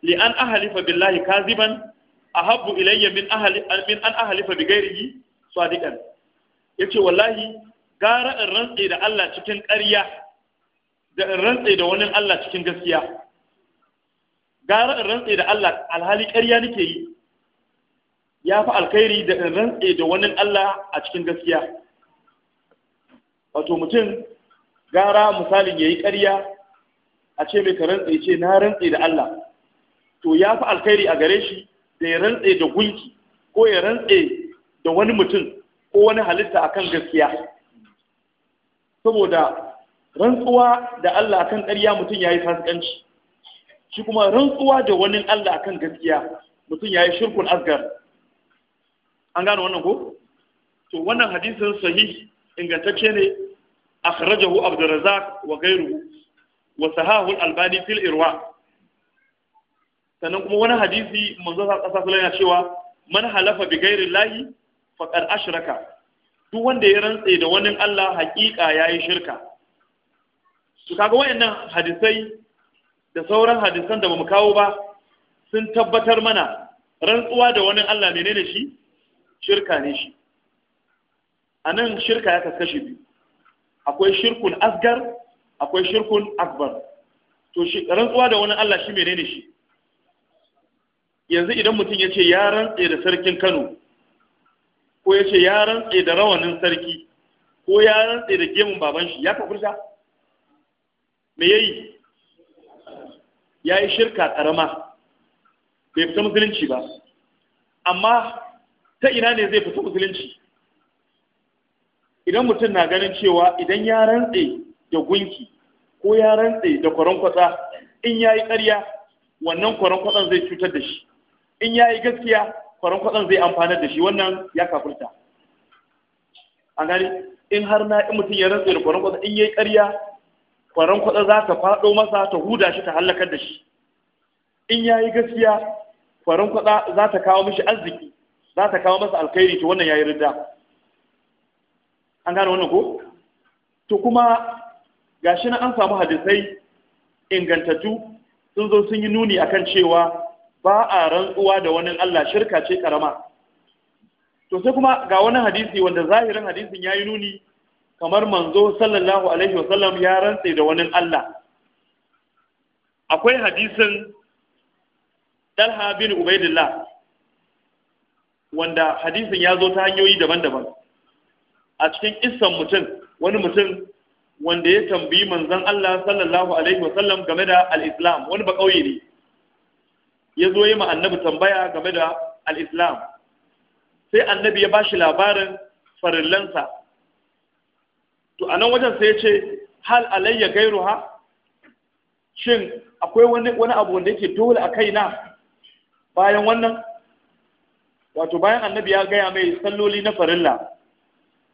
li an ahalifa billahi kaziban ahabbu ilayya min ahli min an ahalifa bi ghairihi sadiqan yace wallahi gara in rantsi da Allah cikin ƙarya da in rantse da wani Allah cikin gaskiya gara in rantse da Allah alhali ƙarya nake yi ya fi alkhairi da in rantse da wani Allah a cikin gaskiya wato mutum gara misalin ya yi ƙarya a ce mai ka rantse ce na rantse da Allah to ya fi alkhairi a gare shi da ya rantse da gunki ko ya rantse da wani mutum ko wani halitta akan gaskiya saboda rantsuwa da Allah kan ƙarya mutum ya yi fasikanci shi kuma rantsuwa da wani Allah kan gaskiya mutum ya yi shirkun asgar an gano wannan ko to wannan hadisin sahih ingantacce ne a kharajahu abdurrazzaq wa gairu, wa sahahu albani fil irwa sannan kuma wani hadisi manzo sa kasa yana cewa man halafa bi fakar llahi faqad ashraka duk wanda ya rantse da wani Allah hakika yayi shirka Su kaga wayannan hadisai da sauran hadisan da bamu kawo ba sun tabbatar mana rantsuwa da wani Allah menene shi shirka ne shi anan shirka ya kaskashi biyu akwai shirkun asgar akwai shirkun akbar to shi rantsuwa da wani Allah shi menene shi yanzu idan mutum ya ce ya rantsa da sarkin Kano ko ya ce ya rantsa da rawanin sarki ko ya rantsa da gemun baban shi ya kafirta me yayi yayi shirka karama bai fita musulunci ba amma ta ina ne zai fita musulunci idan mutum na ganin cewa idan ya rantse da gunki ko ya rantse da kwatsa, in ya yi karya, wannan kwarankwasan zai cutar da shi in ya yi gaskiya kwarankwatsan zai amfanar da shi wannan ya kafurta an gani in har na in mutum ya rantse da kwarankwatsa in ya yi karya. kwaran kwada za ta faɗo masa ta huda shi ta hallakar da shi in ya yi gaskiya kwaran kwaɗa za ta kawo mishi arziki za ta kawo masa alkhairi to wannan ya yi ridda an gane wannan ko to kuma ga shi na an samu hadisai ingantattu sun zo sun yi nuni akan cewa ba a rantsuwa da wani Allah shirka ce karama to sai kuma ga wani hadisi wanda zahirin hadisin ya yi nuni kamar manzo sallallahu alaihi wasallam ya rantse da wani Allah akwai hadisin Talha bin Ubaidillah wanda hadisin ya zo ta hanyoyi daban-daban a cikin isan mutum wani mutum wanda ya tambayi manzon Allah sallallahu alaihi wasallam game da al-Islam wani ba kauye ne ya zo yi ma annabi tambaya game da al-Islam sai annabi ya bashi labarin farillansa to anan wajen sai ya ce hal alayya gairuha shin akwai wani abu wanda yake dole a kaina bayan wannan wato bayan annabi ya gaya mai salloli na farilla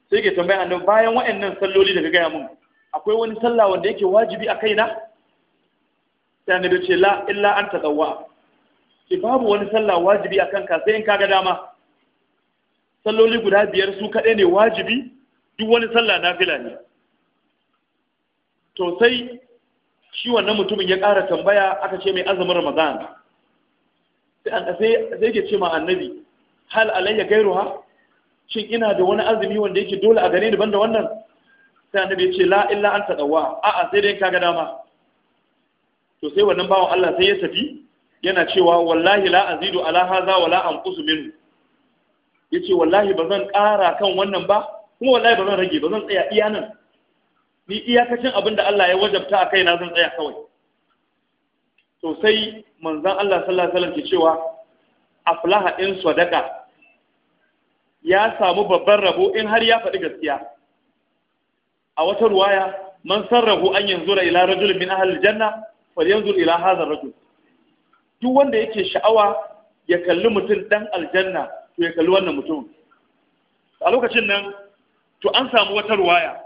sai ke tambaya annabi bayan waɗannan salloli da ka gaya mun akwai wani sallah wanda yake wajibi a kaina sai annabi ce la illa an tadawwa ce babu wani sallah wajibi a kanka sai in kaga dama salloli guda biyar su kaɗai ne wajibi duk wani sallah nafila ne to sai shi wannan mutumin ya ƙara tambaya aka ce mai azumin ramadan sai an ke ce ma annabi hal alayya gairuha shin ina da wani azumi wanda yake dole a gare ni banda wannan sai annabi ya ce la illa an a a'a sai dai kaga dama to sai wannan bawan Allah sai ya tafi yana cewa wallahi la azidu ala hadha wala anqusu minhu yace wallahi bazan ƙara kan wannan ba kuma wallahi ba zan rage ba zan tsaya iya nan ni iyakacin abin da Allah ya wajabta a kaina zan tsaya kawai to sai manzon Allah sallallahu alaihi wasallam ke cewa aflaha in sadaka ya samu babban rabo in har ya faɗi gaskiya a wata ruwaya man sarrahu an yanzu ra ila rajul min ahli janna falyanzur ila hadha rajul duk wanda yake sha'awa ya kalli mutum dan aljanna to ya kalli wannan mutum a lokacin nan to an samu wata ruwaya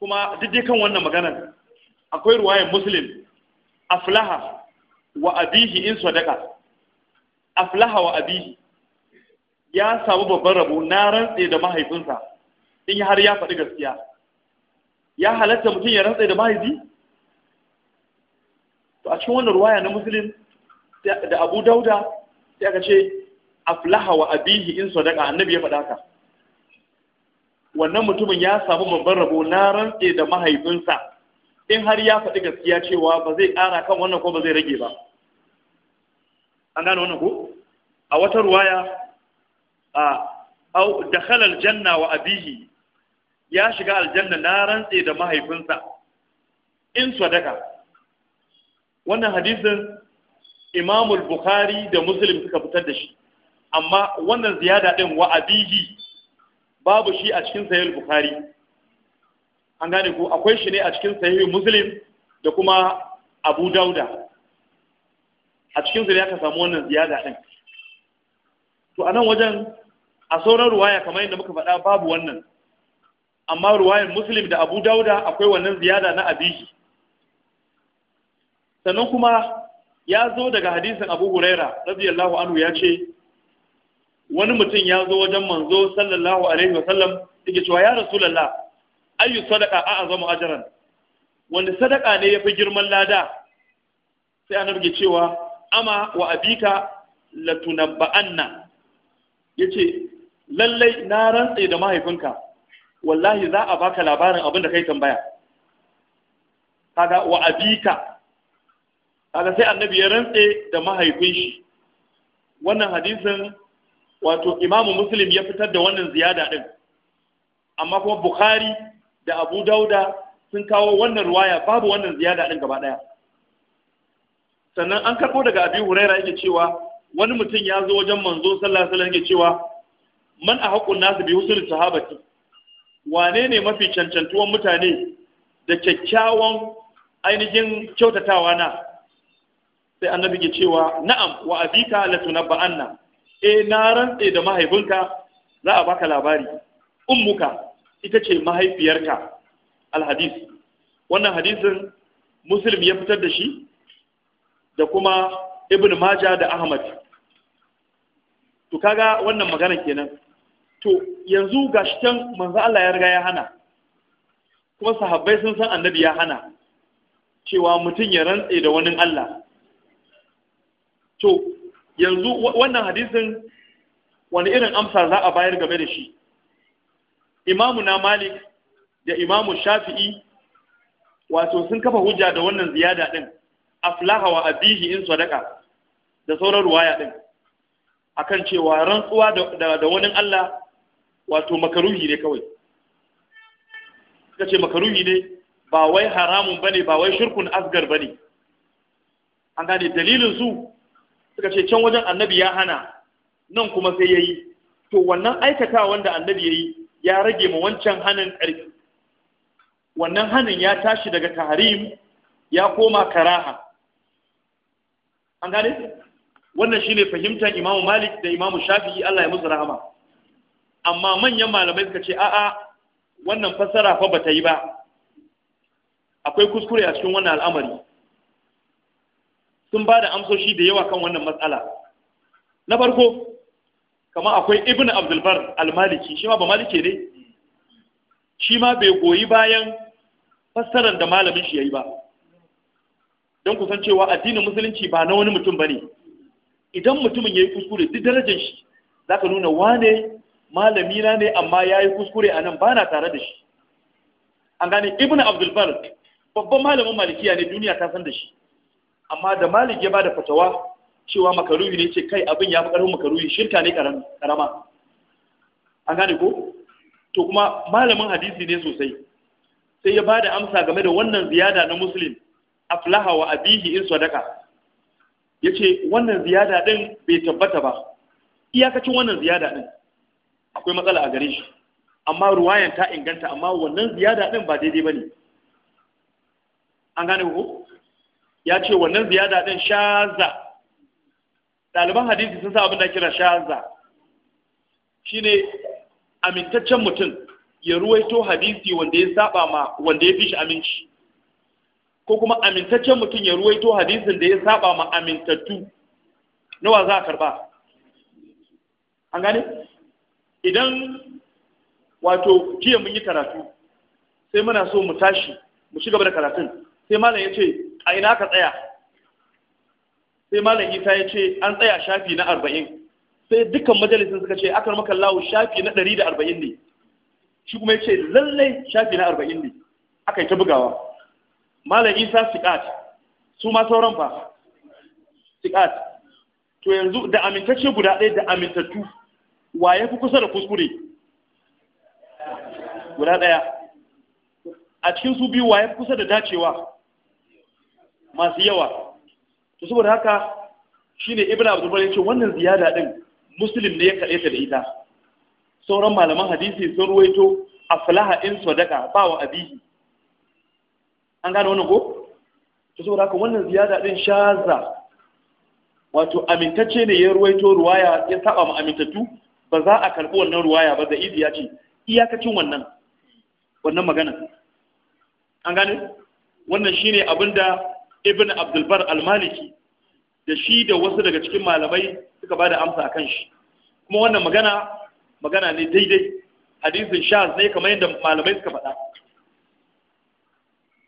kuma duk kan wannan maganar akwai ruwayan muslim aflaha wa abihi in sadaka aflaha wa abihi ya samu babban rabo na rantse da mahaifinsa in har ya faɗi gaskiya ya halatta mutum ya rantse da mahaifi to a cikin wannan ruwaya na muslim da abu dauda sai aka ce aflaha wa abihi in sadaka annabi ya faɗa ka wannan mutumin ya samu babban rabo na rantse da mahaifinsa in har ya faɗi gaskiya cewa ba zai ƙara kan wannan ko ba zai rage ba an gane wannan ko a wata ruwaya a au dakhala aljanna wa abihi ya shiga aljanna na rantse da mahaifinsa in sadaka wannan hadisin imamul bukhari da muslim suka fitar da shi amma wannan ziyada din wa abihi babu shi a cikin sahihul bukhari an gane ko akwai shi ne a cikin sahihul muslim da kuma abu dauda a cikin su ne aka samu wannan ziyada din to anan wajen a sauran ruwaya kamar yadda muka faɗa babu wannan amma ruwayan muslim da abu dauda akwai wannan ziyada na abihi sannan kuma ya zo daga hadisin abu huraira radiyallahu anhu ya ce wani mutum ya zo wajen manzo sallallahu alaihi wasallam yake cewa ya rasulullah ayu sadaqa a'zamu ajran wanda sadaka ne yafi girman lada sai annabi ke cewa ama wa abika latunabba'anna yace lallai na rantse da mahaifinka wallahi za a baka labarin abin da kai tambaya kaga wa abika kaga sai annabi ya rantse da mahaifin shi wannan hadisin wato imamu muslim ya fitar da wannan ziyada din amma kuma bukhari da abu dauda sun kawo wannan ruwaya babu wannan ziyada din gaba daya sannan an karbo daga abi huraira yake cewa wani mutum ya zo wajen manzo sallallahu alaihi wasallam yake cewa man a haƙun nasu bi husul sahabati wane ne mafi cancantuwan mutane da kyakkyawan ainihin kyautatawa na sai annabi ke cewa na'am wa abika la tunabba anna E, na rantse da mahaifinka za a baka labari ummuka ita ce mahaifiyarka alhadis wannan hadisin muslim ya fitar da shi da kuma ibn maja da ahmad to kaga wannan magana kenan to yanzu gashi can manzo Allah ya riga ya hana kuma sahabbai sun san annabi ya hana cewa mutum ya rantse da wani Allah to yanzu wannan hadisin wani irin amsa za a bayar game da shi imamu na malik da imamu shafi'i wato sun kafa hujja da wannan ziyada din aflaha wa abihi in sadaka da sauran ruwaya din akan cewa rantsuwa da wani Allah wato makaruhi ne kawai kace makaruhi ne ba wai haramun bane ba wai shirkun asgar bane an gane dalilin su suka ce can wajen annabi ya hana nan kuma sai ya yi to wannan aikata wanda annabi ya yi ya rage ma wancan hanin ƙarfi wannan hanin ya tashi daga tahrim ya koma karaha an gane wannan shine fahimtar imamu malik da imamu shafi'i allah ya musu rahama amma manyan malamai suka ce a'a wannan fassara fa ba ta yi ba akwai kuskure a cikin wannan al'amari sun ba da amsoshi da yawa kan wannan matsala na farko kama akwai ibn abdulbar almaliki shi ma ba maliki ne shi ma bai goyi bayan fassarar da malamin shi ya yi ba don kusan cewa addinin musulunci ba na wani mutum ba ne idan mutumin ya yi kuskure duk darajar shi za ka nuna wane malami na ne amma ya yi kuskure a nan ba na tare da shi an gane ibn abdulbar babban malamin malikiya ne duniya ta san da shi amma da malik ya bada fatawa cewa makaruhi ne ce kai abin ya fi ƙarfin makaruhi shirka ne karama an gane ko to kuma malamin hadisi ne sosai sai ya bada amsa game da wannan ziyada na musulun aflaha wa abihi in sadaka ce wannan ziyada din bai tabbata ba iyakacin wannan ziyada din akwai matsala a gare shi amma ruwayan ta inganta amma wannan ziyada din ba daidai ba ne. an gane ko ya ce wannan ziyada din shaza ɗaliban hadisi sun sa abin da kira shaza shine amintaccen mutum ya ruwaito hadisi wanda ya saba ma wanda ya fi shi aminci ko kuma amintaccen mutum ya ruwaito hadisin da ya saba ma amintattu nawa za a karba an gane idan wato jiya mun yi karatu sai muna so mu tashi mu ci gaba da karatun sai malam ya ce a ina ka tsaya sai malam isa ya ce an tsaya shafi na arba'in sai dukkan majalisun suka ce akan maka lawo shafi na ɗari da arba'in ne shi kuma ya ce lallai shafi na arba'in ne aka yi ta bugawa malam isa sikat su ma sauran fa sikat to yanzu da amintacce guda ɗaya da amintattu wa ya fi kusa da kuskure guda ɗaya a cikin su biyu wa ya fi kusa da dacewa masu yawa to saboda haka shine ibnu abdul bari ce wannan ziyada din muslim ne ya kade ta da ita sauran malaman hadisi sun ruwaito aflaha in sadaka ba wa abihi an gane wannan ko to saboda haka wannan ziyada din shaza wato amintacce ne ya ruwaito ruwaya ya saba mu amintattu ba za a karɓi wannan ruwaya ba da idi ya ce iyakacin wannan wannan magana an gane wannan shine abinda ibn abdulbar al-maliki da shi da wasu daga cikin malamai suka ba da amsa akan shi kuma wannan magana magana ne daidai hadisin shaz ne kamar yadda malamai suka faɗa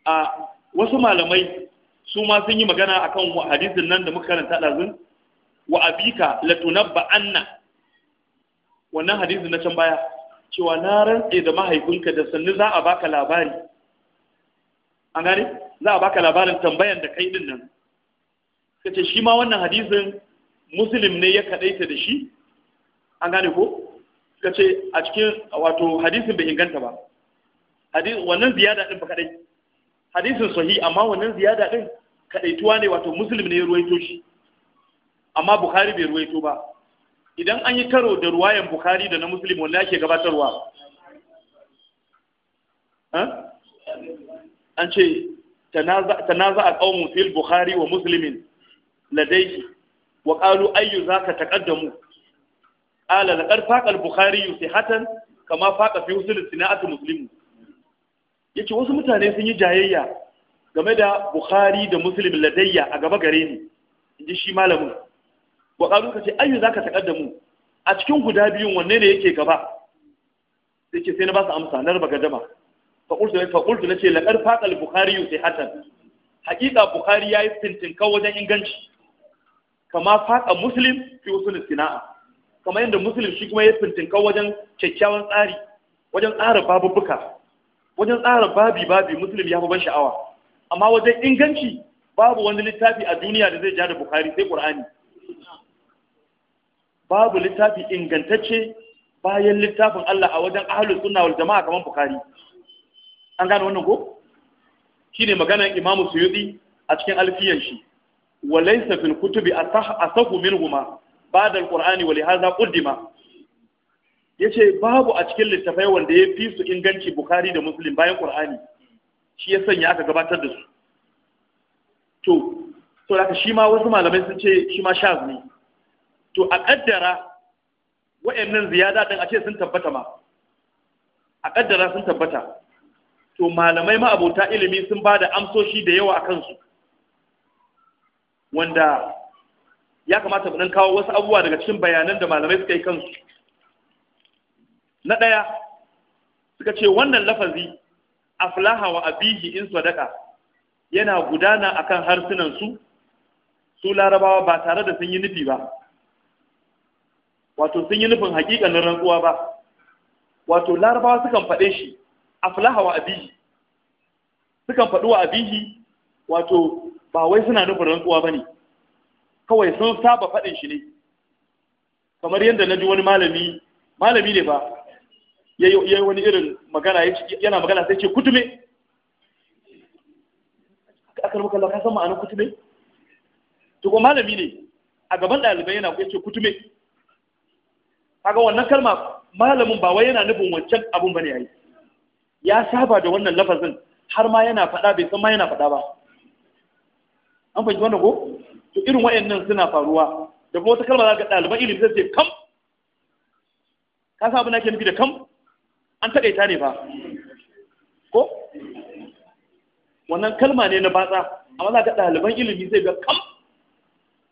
a wasu malamai su ma sun yi magana akan hadisin nan da muka karanta ɗazun wa abika latunabba anna wannan hadisin na can baya cewa na rantse da mahaifinka da sannu za a baka labari an gane za a baka labarin tambayan da kai din nan kace shi ma wannan hadisin muslim ne ya kadaita da shi an gane ko kace ce a cikin wato hadisin bai inganta ba wannan ziyada din ba kadai hadisin sahi amma wannan ziyada din kadaituwa ne wato muslim ne ya ruwaito shi amma bukhari bai ruwaito ba idan an yi karo da ruwayan bukhari da na muslim wanda ke gabatarwa an ce tanaza a qaumun fil bukhari wa Musulmin ladaiki wa ƙalu ayyu zaka taqaddamu qala laqad buhari al bukhari hatan kama faƙa fi usul musulmi Ya ce wasu mutane sun yi jayayya game da bukhari da Musulmin ladayya a gaba gare ni in ji shi malamin wa ka ce ayyu zaka taqaddamu a cikin guda biyun wanne ne yake gaba ke sai na ba su amsa na raba gadama faƙultu na ce laƙar faƙal bukari yau sai hatan haƙiƙa bukari ya yi fintinka wajen inganci kama faƙa muslim fi usulun sina'a kama yadda muslim shi kuma ya fintinka wajen kyakkyawan tsari wajen tsara babubuka wajen tsara babi babi muslim ya fi ban sha'awa amma wajen inganci babu wani littafi a duniya da zai ja da bukari sai ƙur'ani babu littafi ingantacce bayan littafin Allah a wajen ahlus jama'a kamar bukari an gane wannan ko shine maganar imamu suyudi a cikin alfiyan shi wa laysa fil kutubi asahu ba da alqur'ani wa li ma. Ya ce babu a cikin littafai wanda ya fi su inganci bukhari da musulun bayan ƙur'ani. shi ya sanya aka gabatar da su to to haka shi ma wasu malamai sun ce shi ma shaz ne to a ƙaddara wa'annan ziyada ɗin a ce sun tabbata ma a ƙaddara sun tabbata to malamai ma'abota ilimi sun ba da amsoshi da yawa a kansu wanda ya kamata mu kawo wasu abubuwa daga cikin bayanan da malamai suka yi kansu na ɗaya suka ce wannan lafazi aflaha wa abihi in sadaka yana gudana akan harsunan su su larabawa ba tare da sun yi nufi ba wato sun yi nufin hakikanin rantsuwa ba wato larabawa sukan faɗe shi aflaha wa abihi sukan faɗi wa abihi wato ba wai suna nufin rantsuwa ba ne kawai sun saba faɗin shi ne kamar yadda na ji wani malami malami ne ba ya yi wani irin magana yana magana sai ce kutume akar maka ka san ma'anar kutume to ko malami ne a gaban ɗalibai yana ya ce kutume kaga wannan kalma malamin ba wai yana nufin wancan abun bane yayi ya saba da wannan lafazin har ma yana faɗa bai san ma yana faɗa ba an fahimci wannan ko to irin wayannan suna faruwa da kuma wata kalma za ka ɗaliban ilimi sai ce kam ka sa abin da ke nufi da kam an taƙaita ne ba ko wannan kalma ne na batsa amma za ka ɗaliban ilimi zai ga kam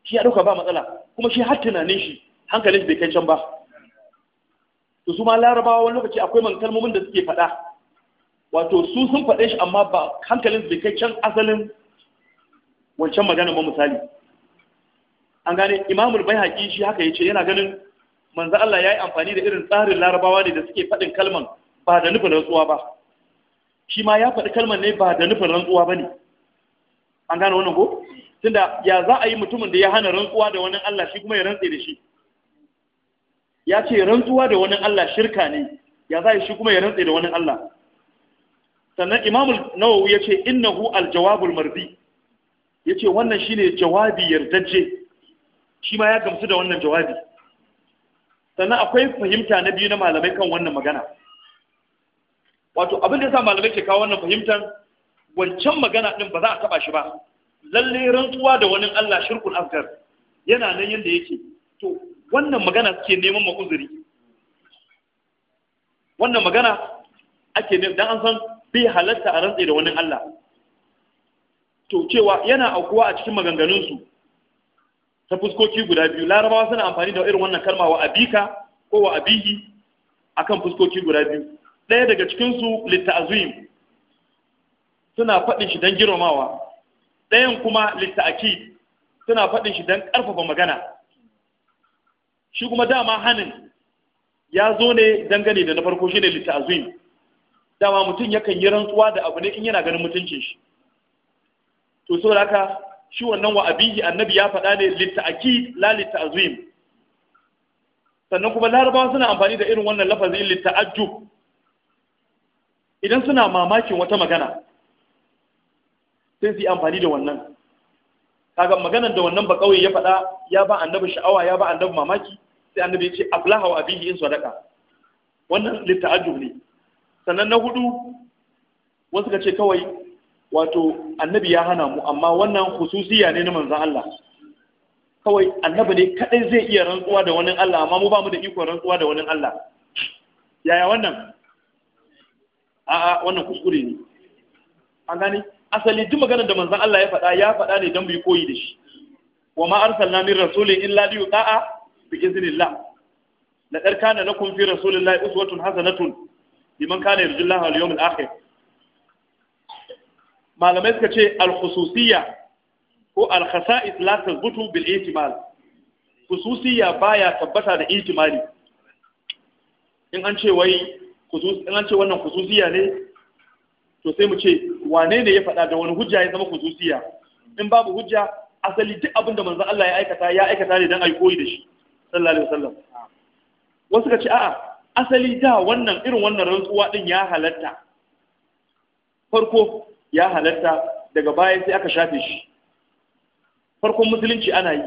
shi ya ɗauka ba matsala kuma shi har tunanin shi hankalin shi bai kai can ba to su ma larabawa wani lokaci akwai man kalmomin da suke faɗa wato su sun faɗe shi amma ba hankalin zikaccen asalin wancan magana ba misali an gane imamul bai haƙi shi haka ya ce yana ganin manzo Allah ya yi amfani da irin tsarin larabawa ne da suke faɗin kalman ba da nufin rantsuwa ba shi ma ya faɗi kalman ne ba da nufin rantsuwa ba ne an gane wannan ko tunda ya za a yi mutumin da ya hana rantsuwa da wani Allah shi kuma ya rantse da shi ya ce rantsuwa da wani Allah shirka ne ya za a yi shi kuma ya rantse da wani Allah sannan imam nawawi ya ce innahu aljawabul marzi ya ce wannan shi ne jawabi yardajje shi ma ya gamsu da wannan jawabi sannan akwai fahimta na biyu na malamai kan wannan magana wato abin da sa malamai ke kawo wannan fahimtar wancan magana din ba za a taba shi ba lalle rantsuwa da wani Allah shirkun afgar yana nan yanda yake to wannan magana suke neman ma uzuri wannan magana ake neman dan an san bi halatta a rantse da wani Allah to cewa yana aukuwa a cikin maganganunsu ta fuskoki guda biyu larabawa suna amfani da irin wannan kalma wa abika ko wa abihi akan fuskoki guda biyu ɗaya daga cikinsu litta'azim suna faɗin shi don girmamawa ɗayan kuma litta'aki suna faɗin shi don ƙarfafa magana shi kuma dama hanin ya zo ne dangane da na farko shi ne litta'azim dama mutum yakan yi rantsuwa da abu ne in yana ganin mutuncin shi to so haka shi wannan wa abihi annabi ya faɗa ne litta'akid la litta'azim sannan kuma larabawa suna amfani da irin wannan lafazin litta'ajjub idan suna mamakin wata magana sai su yi amfani da wannan kaga maganar da wannan ba kauye ya faɗa ya ba annabi sha'awa ya ba annabi mamaki sai annabi ya ce ablaha wa abihi in sadaqa wannan litta'ajjub ne sannan na hudu wasu ka ce kawai wato annabi ya hana mu amma wannan hususiya ne na manzan Allah kawai annabi ne kadai zai iya rantsuwa da wani Allah amma mu ba mu da ikon rantsuwa da wani Allah yaya wannan a'a wannan kuskure ne an gani? asali duk maganar da manzan Allah ya faɗa ya faɗa ne don mu yi koyi da shi wa ma arsalna min rasulin illa li bi iznillah la darkana lakum fi rasulillahi uswatun hasanatun liman kana yarjullaha wal yawmil akhir malamai suka ce al-khususiyya ko al-khasa'is la tazbutu bil itimal khususiyya baya tabbata da itimali. in an ce wai khusus in an ce wannan khususiyya ne to sai mu ce wane ne ya faɗa da wani hujja ya zama khususiyya in babu hujja asali duk abin da manzo Allah ya aikata ya aikata ne dan ai koyi da shi sallallahu alaihi wasallam wasu ka ce a'a asali da wannan irin wannan rantsuwa din ya halatta farko ya halatta daga baya sai aka shafe shi farkon musulunci ana yi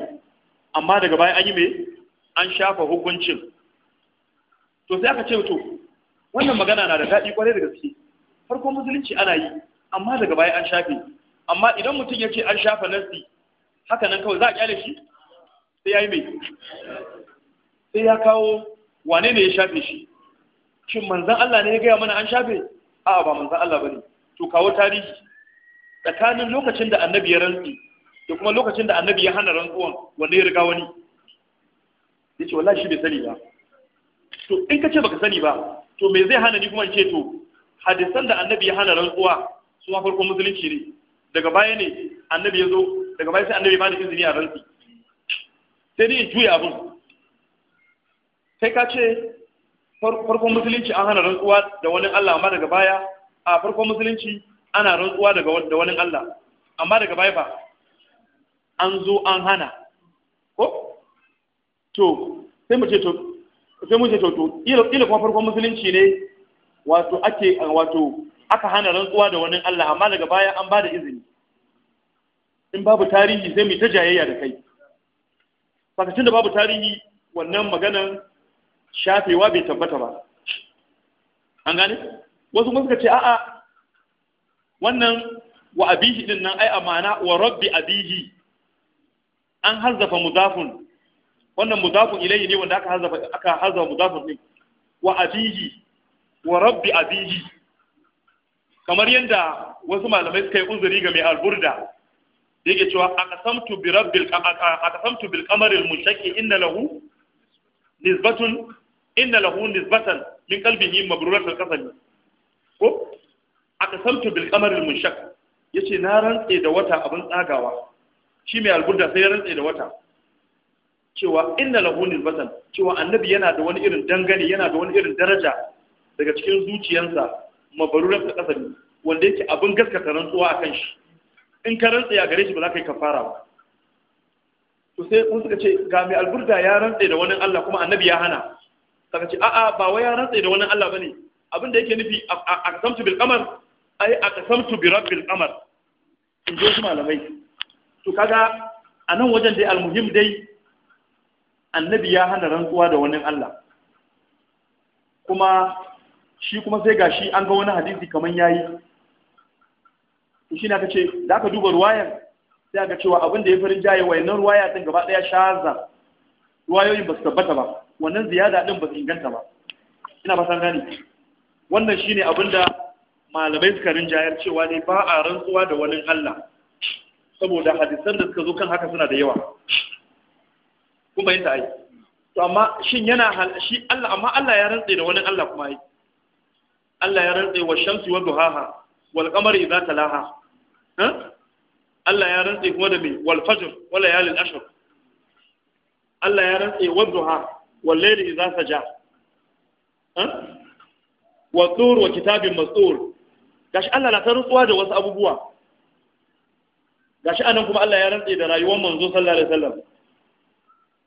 amma daga baya an yi mai an shafa hukuncin to sai aka ce to wannan magana na da daɗi kwarai da gaske farkon musulunci ana yi amma daga baya an shafe amma idan mutum ya ce an shafa nasi haka nan kawai za a kyale shi sai ya yi mai sai ya kawo wane ne ya shafe shi shin manzan Allah ne ya gaya mana an shafe a ba manzan Allah ba ne to kawo tarihi tsakanin lokacin da annabi ya rantsi da kuma lokacin da annabi ya hana rantsuwan wanda ya riga wani ya ce wallahi shi bai sani ba to in ka ce baka sani ba to me zai hana ni kuma in ce to hadisan da annabi ya hana rantsuwa su ma farkon musulunci ne daga baya ne annabi ya zo daga baya sai annabi ba da izini a rantsi sai ni in juya abin kai ka ce farkon musulunci an hana rantsuwa da wani Allah amma daga baya a farkon musulunci ana rantsuwa da wani Allah amma daga baya ba an zo an hana ko to sai mu ce to sai mu ce to ila kuma farkon musulunci ne wato ake wato aka hana rantsuwa da wani Allah amma daga baya an ba da izini in babu tarihi sai mu ta jayayya da kai saka da babu tarihi wannan maganan shafewa bai tabbata ba an gane wasu kuma suka ce a'a wannan wa abihi din nan ai amana wa rabbi abihi an hazafa mudafun wannan mudafun ilayhi ne wanda aka hazafa aka hazafa mudafun din wa abihi wa rabbi abihi kamar yadda wasu malamai suka yi uzuri ga mai alburda da yake cewa aqsamtu bi rabbil aqsamtu bil qamaril mushaqqi inna lahu nisbatun inna lahu nisbatan min qalbihi mabruratul qasam ko aka samtu bil qamaril munshak yace na rantse da wata abin tsagawa shi mai alburda sai ya rantse da wata cewa inna lahu nisbatan cewa annabi yana da wani irin dangane yana da wani irin daraja daga cikin zuciyarsa mabaruran ta kasari wanda yake abin gaskata rantsuwa akan shi in ka rantse ya gare shi ba za ka yi kafara ba to sai mun suka ce ga mai alburda ya rantse da wani Allah kuma annabi ya hana saka ce a'a ba wai ya rantsa da wani Allah bane abin da yake nufi a kasamtu bil qamar ai a kasamtu bi rabbil qamar in ji wasu malamai to kaga a nan wajen dai almuhim dai annabi ya hana rantsuwa da wani Allah kuma shi kuma sai gashi an ga wani hadisi kaman yayi shi na ce da ka duba ruwayar? sai aka cewa abin da ya farin jaye wayannan ruwaya din gaba daya shaza ruwayoyin ba su tabbata ba wannan ziyada din ba su inganta ba ina ba san gani wannan shine abinda malamai suka rinjayar cewa ne ba a rantsuwa da wani Allah saboda hadisan da suka zo kan haka suna da yawa kuma yin ai to amma shin yana shi Allah amma Allah ya rantsa da wani Allah kuma ai Allah ya rantsa wa shamsi wa duhaha wal qamari idza talaha Allah ya rantsa kuma da me wal fajr wal layalin ashr Allah ya rantsa wa duhaha wallaili idza saja wa tur wa kitabin mastur gashi Allah na ta da wasu abubuwa gashi anan kuma Allah ya rantsa da rayuwar manzo sallallahu alaihi wasallam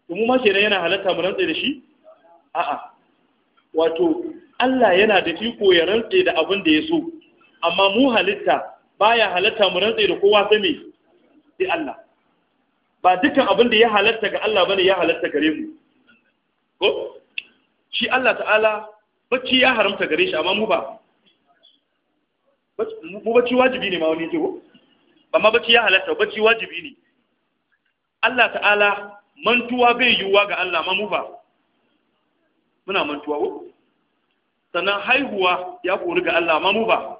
to mu ma kenan yana halatta mu rantsa da shi a'a wato Allah yana da iko ya rantsa da abin da ya so amma mu halitta baya halatta mu rantsa da kowa sai me sai Allah ba dukkan abin da ya halatta ga Allah bane ya halatta gare mu ko shi Allah ta'ala bacci ya haramta gare shi amma mu ba mu bacci wajibi ne ma wani yake ko amma bacci ya halatta bacci wajibi ne Allah ta'ala mantuwa bai yiwuwa ga Allah amma mu ba muna mantuwa ko sannan haihuwa ya kori ga Allah amma mu ba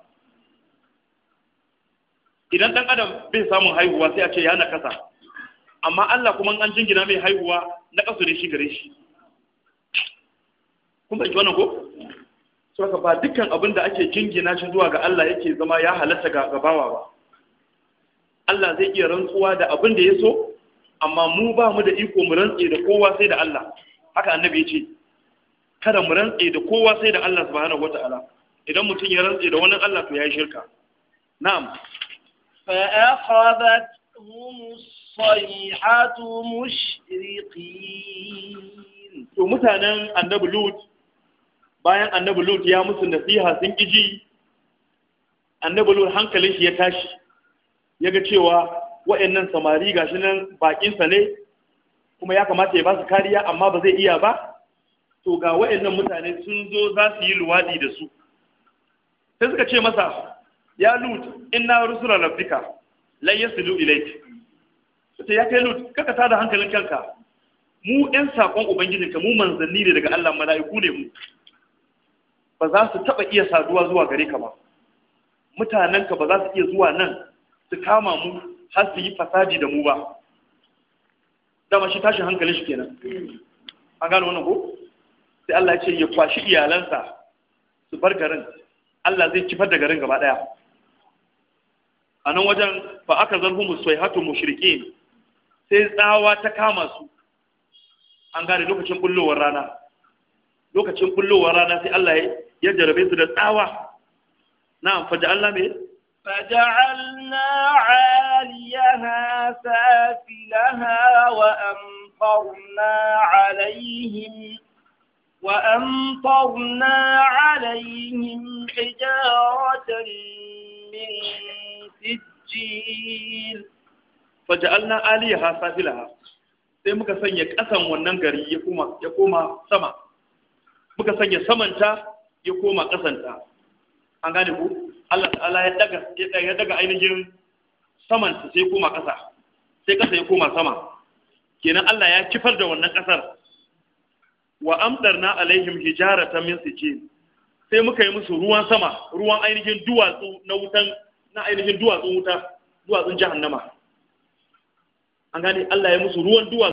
idan dan adam bai samun haihuwa sai a ce ya nakasa amma Allah kuma an jingina mai haihuwa na kasu ne shi gare shi kun fahimci wannan ko ka ba dukkan abin da ake jingina shi zuwa ga Allah yake zama ya halatta ga gabawa ba Allah zai iya rantsuwa da abin da ya so amma mu ba mu da iko mu rantse da kowa sai da Allah haka annabi ya ce kada mu rantse da kowa sai da Allah subhanahu wataala idan mutum ya rantse da wani Allah to yayi shirka na'am fa akhadathumu as-sayhatu mushriqin to mutanen annabi Lut bayan annabi lut ya musu nasiha sun ji annabi lut hankalin shi ya tashi ya ga cewa wa'annan samari gashi nan bakinsa ne kuma ya kamata ya ba su kariya amma ba zai iya ba to ga wa'annan mutane sun zo za su yi luwadi da su sai suka ce masa ya lut inna rusula rabbika lan yasilu ilayk sai ya kai lut kaka tada hankalin kanka mu ɗan saƙon ubangijinka mu manzanni ne daga Allah mala'iku ne mu ba za su taɓa iya saduwa zuwa gare ka ba mutanenka ba za su iya zuwa nan su kama mu har su yi fasadi da mu ba dama shi tashin hankali shi kenan an gano wannan ko sai Allah ya ce ya kwashi iyalansa su bar garin Allah zai kifar da garin gaba daya a nan wajen fa aka zarhu musayhatu mushrikin sai tsawa ta kama su an gane lokacin bullowar rana lokacin bullowar rana sai Allah ya ya jarabe su da tsawa na faja Allah me فجعلنا عاليها سافلها وأمطرنا عليهم وأمطرنا عليهم حجارة من سجيل فجعلنا عاليها سافلها sai muka sanya ƙasan wannan gari ya koma sama muka sanya samanta ya koma kasanta an gane ku Allah ta'ala ya daga ya daga ainihin saman ta sai koma kasa sai kasa ya koma sama kenan Allah ya kifar da wannan kasar wa amdarna alaihim hijaratan min sijil sai muka yi musu ruwan sama ruwan ainihin duwatsu na wutan na ainihin duwatsun wuta duwatsun jahannama an gane Allah ya musu ruwan duwatsu